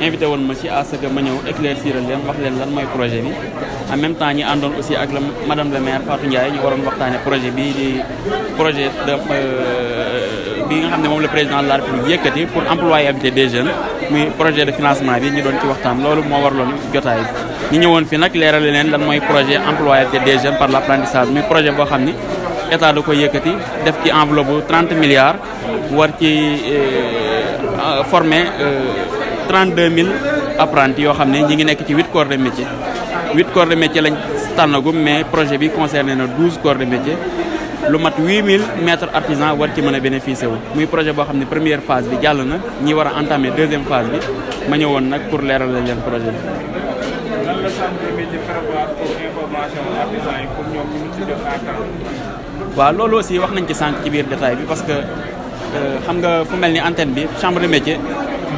invité woon ma ci à ce que ma ñëw éclaircir leen wax leen lan mooy projet bi en même temps ñi àndoon aussi ak la madame le maire Fatou Ndiaye ñu waroon waxtaane projet bi euh, nga xam ne moom le président de la République yëkkati pour employabilité des jeunes muy projet de financement bi ñu doon ci waxtaan loolu moo waraloon jotaay bi ñu ñëwoon fi nag leerale leen lan mooy projet employabilité des jeunes par l' apprentissage muy projet boo xam ni état da ko def ci enveloppe bu 30 milliards war ci euh, former euh, 32 000 apprentis yoo xam ne ñi ngi nekk ci 8 corps de métier 8 corps de métier lañ tànnagum mais projet bi concerné na 12 corps de métier lu mat mille maîtres artisans war ci mën a bénéficier muy projet boo xam ne première phase bi jàll na ñi war a entamer deuxième phase bi ma ñëwoon nag pour leeral lañ leen projet bi. waa loolu aussi wax nañ ci sànq ci biir détail bi parce que euh, xam nga fu mel ni antenne bi chambre de métier.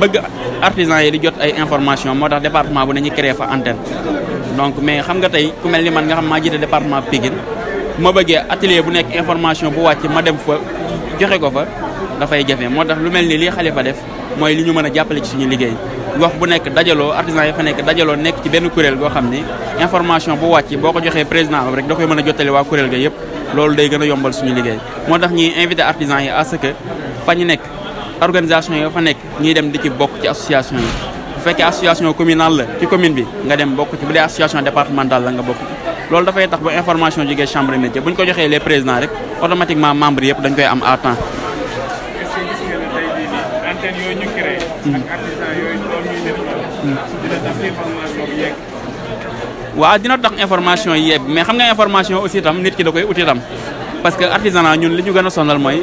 bëgg artisans yi di jot ay information moo tax département bu nañu créé fa antenne donc mais xam nga tey ku mel ni man nga xam maa jiite département Pikine bu ma bëggee atelier bu nekk information bu wàcc ma dem fa joxe ko fa dafay jafe moo tax lu mel ni lii Xalifa def mooy li ñu mën a jàppale suñu liggéey gox bu nekk dajaloo artisans yi fa nekk dajaloo nekk ci benn kuréel goo xam ni information bu wàcc boo ko joxee président am rek da koy mën a organisation yo fa nek ñi dem di ci bok ci association yi bu fekkee association communale ci commune bi nga dem bok ci bu dee association départementale la nga bok loolu dafay tax bu information jógee chambre de métier buñ ko joxee les présidents rek automatiquement membres yëpp dañ koy am à temps. est que gis nga ñu créé. ak hmm. artisan yooyu loolu ñuy def hmm. dina tax information bi yegg. waaw dina tax information yi mais xam nga information aussi tam nit ki da koy uti tam parce que artisanat ñun li ñu gën a sonal mooy.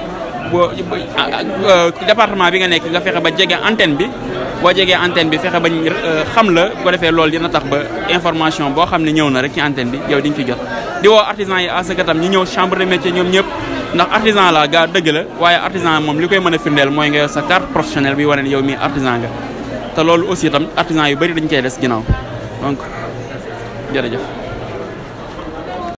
boo ah, ah, euh, département bi nga nekk nga fexe ba jege antenne bi boo jegee antenne bi fexe ba euh, xam la bu ko defee loolu dina tax ba information boo xam ne ñëw na rek ci antenne bi yow di nga ci jot. di woo artisan yi à ce tam ñu ñëw chambre de métier ñoom ñëpp ndax artisan la gaa dëgg la waaye artisan moom li koy mën a firndeel mooy nga yor sa carte professionnelle bi wane ne yow mii artisan nga te loolu aussi tam artisan yu bëri dañ koy des ginnaaw donc jërëjëf.